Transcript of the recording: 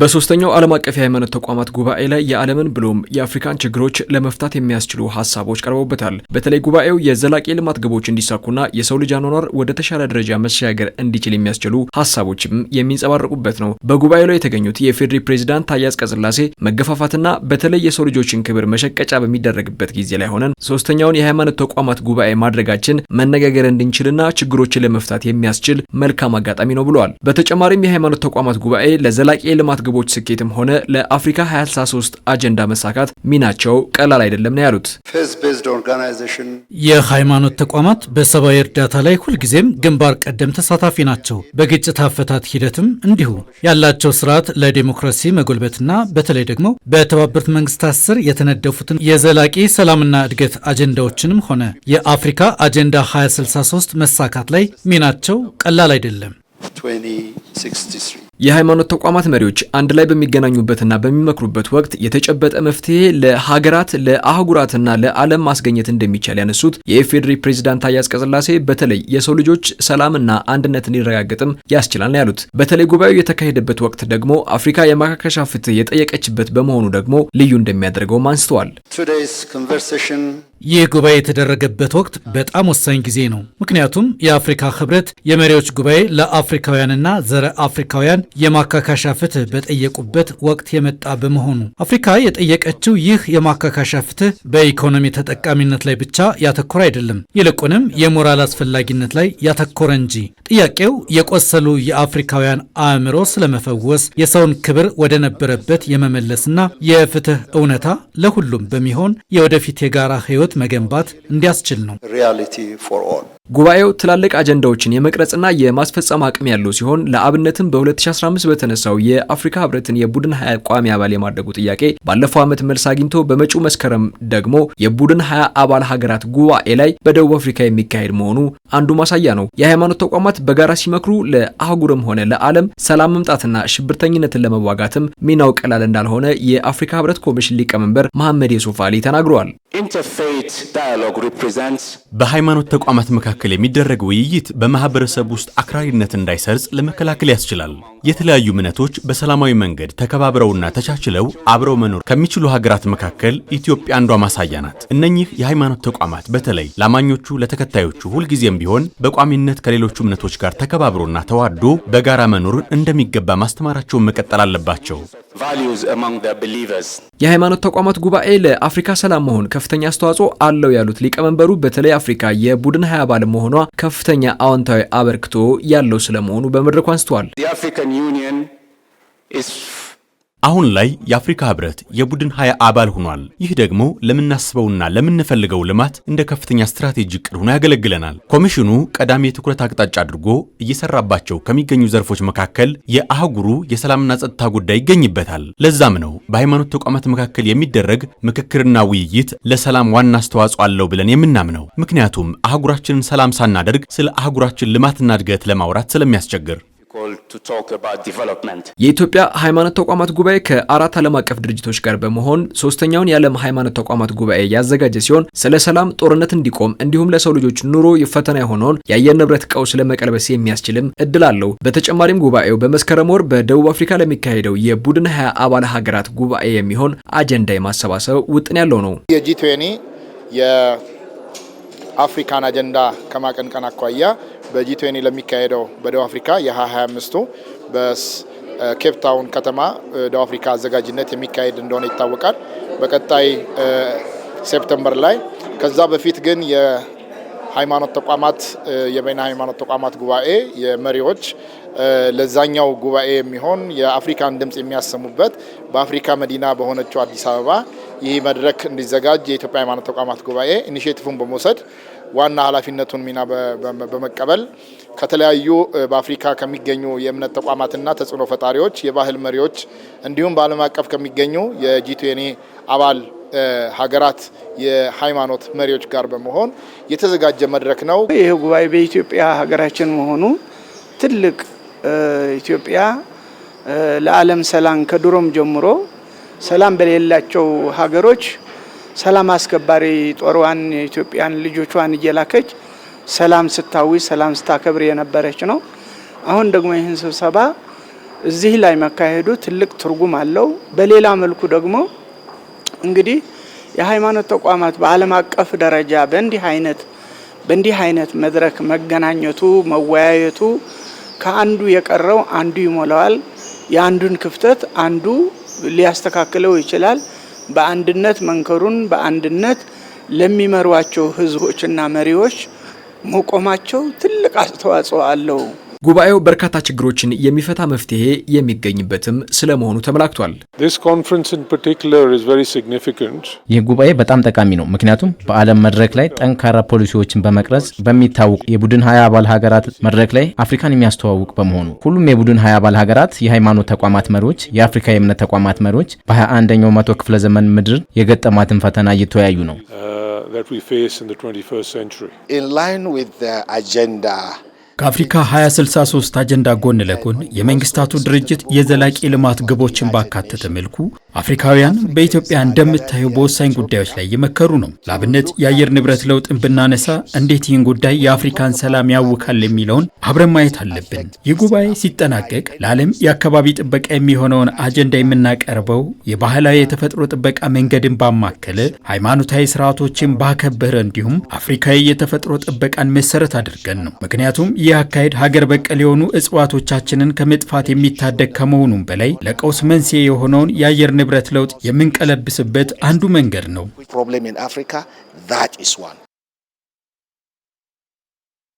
በሶስተኛው ዓለም አቀፍ የሃይማኖት ተቋማት ጉባኤ ላይ የዓለምን ብሎም የአፍሪካን ችግሮች ለመፍታት የሚያስችሉ ሀሳቦች ቀርበውበታል። በተለይ ጉባኤው የዘላቂ ልማት ግቦች እንዲሳኩና የሰው ልጅ አኗኗር ወደ ተሻለ ደረጃ መሸጋገር እንዲችል የሚያስችሉ ሀሳቦችም የሚንጸባረቁበት ነው። በጉባኤው ላይ የተገኙት የፌዴሪ ፕሬዚዳንት ታዬ አጽቀሥላሴ መገፋፋትና በተለይ የሰው ልጆችን ክብር መሸቀጫ በሚደረግበት ጊዜ ላይ ሆነን ሶስተኛውን የሃይማኖት ተቋማት ጉባኤ ማድረጋችን መነጋገር እንድንችልና ችግሮችን ለመፍታት የሚያስችል መልካም አጋጣሚ ነው ብለዋል። በተጨማሪም የሃይማኖት ተቋማት ጉባኤ ለዘላቂ ልማት ግቦች ስኬትም ሆነ ለአፍሪካ 2063 አጀንዳ መሳካት ሚናቸው ቀላል አይደለም ነው ያሉት። የሃይማኖት ተቋማት በሰብአዊ እርዳታ ላይ ሁልጊዜም ግንባር ቀደም ተሳታፊ ናቸው። በግጭት አፈታት ሂደትም እንዲሁ ያላቸው ስርዓት ለዲሞክራሲ መጎልበትና በተለይ ደግሞ በተባበሩት መንግስታት ስር የተነደፉትን የዘላቂ ሰላምና እድገት አጀንዳዎችንም ሆነ የአፍሪካ አጀንዳ 2063 መሳካት ላይ ሚናቸው ቀላል አይደለም። የሃይማኖት ተቋማት መሪዎች አንድ ላይ በሚገናኙበትና በሚመክሩበት ወቅት የተጨበጠ መፍትሄ ለሀገራት ለአህጉራትና ለዓለም ማስገኘት እንደሚቻል ያነሱት የኢፌዴሪ ፕሬዚዳንት ታዬ አጽቀሥላሴ በተለይ የሰው ልጆች ሰላምና አንድነት እንዲረጋገጥም ያስችላል ነው ያሉት። በተለይ ጉባኤው የተካሄደበት ወቅት ደግሞ አፍሪካ የማካከሻ ፍትህ የጠየቀችበት በመሆኑ ደግሞ ልዩ እንደሚያደርገውም አንስተዋል። ይህ ጉባኤ የተደረገበት ወቅት በጣም ወሳኝ ጊዜ ነው። ምክንያቱም የአፍሪካ ህብረት የመሪዎች ጉባኤ ለአፍሪካውያንና ዘረ አፍሪካውያን የማካካሻ ፍትህ በጠየቁበት ወቅት የመጣ በመሆኑ አፍሪካ የጠየቀችው ይህ የማካካሻ ፍትህ በኢኮኖሚ ተጠቃሚነት ላይ ብቻ ያተኮረ አይደለም፣ ይልቁንም የሞራል አስፈላጊነት ላይ ያተኮረ እንጂ። ጥያቄው የቆሰሉ የአፍሪካውያን አእምሮ ስለመፈወስ፣ የሰውን ክብር ወደ ነበረበት የመመለስና የፍትህ እውነታ ለሁሉም በሚሆን የወደፊት የጋራ ህይወት ህይወት መገንባት እንዲያስችል ነው። ጉባኤው ትላልቅ አጀንዳዎችን የመቅረጽና የማስፈጸም አቅም ያለው ሲሆን ለአብነትም በ2015 በተነሳው የአፍሪካ ህብረትን የቡድን ሀያ ቋሚ አባል የማድረጉ ጥያቄ ባለፈው ዓመት መልስ አግኝቶ በመጪው መስከረም ደግሞ የቡድን ሀያ አባል ሀገራት ጉባኤ ላይ በደቡብ አፍሪካ የሚካሄድ መሆኑ አንዱ ማሳያ ነው። የሃይማኖት ተቋማት በጋራ ሲመክሩ ለአህጉርም ሆነ ለዓለም ሰላም መምጣትና ሽብርተኝነትን ለመዋጋትም ሚናው ቀላል እንዳልሆነ የአፍሪካ ህብረት ኮሚሽን ሊቀመንበር መሐመድ የሱፍ አሊ ተናግረዋል። በሃይማኖት ተቋማት መካከል የሚደረግ ውይይት በማህበረሰብ ውስጥ አክራሪነት እንዳይሰርጽ ለመከላከል ያስችላል። የተለያዩ እምነቶች በሰላማዊ መንገድ ተከባብረውና ተቻችለው አብረው መኖር ከሚችሉ ሀገራት መካከል ኢትዮጵያ አንዷ ማሳያ ናት። እነኚህ የሃይማኖት ተቋማት በተለይ ለአማኞቹ፣ ለተከታዮቹ ሁልጊዜም ቢሆን በቋሚነት ከሌሎቹ እምነቶች ጋር ተከባብሮና ተዋዶ በጋራ መኖርን እንደሚገባ ማስተማራቸውን መቀጠል አለባቸው። የሃይማኖት ተቋማት ጉባኤ ለአፍሪካ ሰላም መሆን ከፍተኛ አስተዋጽኦ አለው ያሉት ሊቀመንበሩ በተለይ አፍሪካ የቡድን ሀያ አባል መሆኗ ከፍተኛ አዎንታዊ አበርክቶ ያለው ስለመሆኑ በመድረኩ አንስተዋል። አሁን ላይ የአፍሪካ ህብረት የቡድን ሀያ አባል ሆኗል። ይህ ደግሞ ለምናስበውና ለምንፈልገው ልማት እንደ ከፍተኛ ስትራቴጂ ቅድ ሆኖ ያገለግለናል። ኮሚሽኑ ቀዳሚ የትኩረት አቅጣጫ አድርጎ እየሰራባቸው ከሚገኙ ዘርፎች መካከል የአህጉሩ የሰላምና ጸጥታ ጉዳይ ይገኝበታል። ለዛም ነው በሃይማኖት ተቋማት መካከል የሚደረግ ምክክርና ውይይት ለሰላም ዋና አስተዋጽኦ አለው ብለን የምናምነው። ምክንያቱም አህጉራችንን ሰላም ሳናደርግ ስለ አህጉራችን ልማትና እድገት ለማውራት ስለሚያስቸግር የኢትዮጵያ ሃይማኖት ተቋማት ጉባኤ ከአራት ዓለም አቀፍ ድርጅቶች ጋር በመሆን ሶስተኛውን የዓለም ሃይማኖት ተቋማት ጉባኤ ያዘጋጀ ሲሆን ስለ ሰላም፣ ጦርነት እንዲቆም እንዲሁም ለሰው ልጆች ኑሮ ፈተና የሆነውን የአየር ንብረት ቀውስ ለመቀልበስ የሚያስችልም እድል አለው። በተጨማሪም ጉባኤው በመስከረም ወር በደቡብ አፍሪካ ለሚካሄደው የቡድን ሀያ አባል ሀገራት ጉባኤ የሚሆን አጀንዳ የማሰባሰብ ውጥን ያለው ነው። የአፍሪካን አጀንዳ ከማቀንቀን አኳያ በጂ20 ለሚካሄደው በደቡብ አፍሪካ የ2025ቱ በኬፕ ታውን ከተማ ደቡብ አፍሪካ አዘጋጅነት የሚካሄድ እንደሆነ ይታወቃል። በቀጣይ ሴፕተምበር ላይ ከዛ በፊት ግን የሃይማኖት ተቋማት የበይነ ሃይማኖት ተቋማት ጉባኤ የመሪዎች ለዛኛው ጉባኤ የሚሆን የአፍሪካን ድምፅ የሚያሰሙበት በአፍሪካ መዲና በሆነችው አዲስ አበባ ይህ መድረክ እንዲዘጋጅ የኢትዮጵያ ሃይማኖት ተቋማት ጉባኤ ኢኒሽቲቭን በመውሰድ ዋና ኃላፊነቱን ሚና በመቀበል ከተለያዩ በአፍሪካ ከሚገኙ የእምነት ተቋማትና ተጽዕኖ ፈጣሪዎች፣ የባህል መሪዎች እንዲሁም በዓለም አቀፍ ከሚገኙ የጂቱኔ አባል ሀገራት የሃይማኖት መሪዎች ጋር በመሆን የተዘጋጀ መድረክ ነው። ይህ ጉባኤ በኢትዮጵያ ሀገራችን መሆኑ ትልቅ ኢትዮጵያ ለዓለም ሰላም ከድሮም ጀምሮ ሰላም በሌላቸው ሀገሮች ሰላም አስከባሪ ጦርዋን የኢትዮጵያን ልጆቿን እየላከች ሰላም ስታዊ ሰላም ስታከብር የነበረች ነው። አሁን ደግሞ ይህን ስብሰባ እዚህ ላይ መካሄዱ ትልቅ ትርጉም አለው። በሌላ መልኩ ደግሞ እንግዲህ የሃይማኖት ተቋማት በዓለም አቀፍ ደረጃ በእንዲህ አይነት በእንዲህ አይነት መድረክ መገናኘቱ መወያየቱ ከአንዱ የቀረው አንዱ ይሞላዋል። የአንዱን ክፍተት አንዱ ሊያስተካክለው ይችላል። በአንድነት መንከሩን በአንድነት ለሚመሯቸው ህዝቦችና መሪዎች መቆማቸው ትልቅ አስተዋጽኦ አለው። ጉባኤው በርካታ ችግሮችን የሚፈታ መፍትሄ የሚገኝበትም ስለመሆኑ ተመላክቷል። ይህ ጉባኤ በጣም ጠቃሚ ነው፣ ምክንያቱም በዓለም መድረክ ላይ ጠንካራ ፖሊሲዎችን በመቅረጽ በሚታወቅ የቡድን ሀያ አባል ሀገራት መድረክ ላይ አፍሪካን የሚያስተዋውቅ በመሆኑ ሁሉም የቡድን ሀያ አባል ሀገራት፣ የሃይማኖት ተቋማት መሪዎች፣ የአፍሪካ የእምነት ተቋማት መሪዎች በሀያ አንደኛው መቶ ክፍለ ዘመን ምድር የገጠማትን ፈተና እየተወያዩ ነው። uh, ከአፍሪካ 2063 አጀንዳ ጎን ለጎን የመንግስታቱ ድርጅት የዘላቂ ልማት ግቦችን ባካተተ መልኩ አፍሪካውያን በኢትዮጵያ እንደምታየው በወሳኝ ጉዳዮች ላይ እየመከሩ ነው። ለአብነት የአየር ንብረት ለውጥን ብናነሳ እንዴት ይህን ጉዳይ የአፍሪካን ሰላም ያውካል የሚለውን አብረን ማየት አለብን። ይህ ጉባኤ ሲጠናቀቅ ለዓለም የአካባቢ ጥበቃ የሚሆነውን አጀንዳ የምናቀርበው የባህላዊ የተፈጥሮ ጥበቃ መንገድን ባማከለ፣ ሃይማኖታዊ ስርዓቶችን ባከበረ እንዲሁም አፍሪካዊ የተፈጥሮ ጥበቃን መሰረት አድርገን ነው። ምክንያቱም ይህ አካሄድ ሀገር በቀል የሆኑ እጽዋቶቻችንን ከመጥፋት የሚታደግ ከመሆኑም በላይ ለቀውስ መንስኤ የሆነውን የአየር ንብረት ለውጥ የምንቀለብስበት አንዱ መንገድ ነው።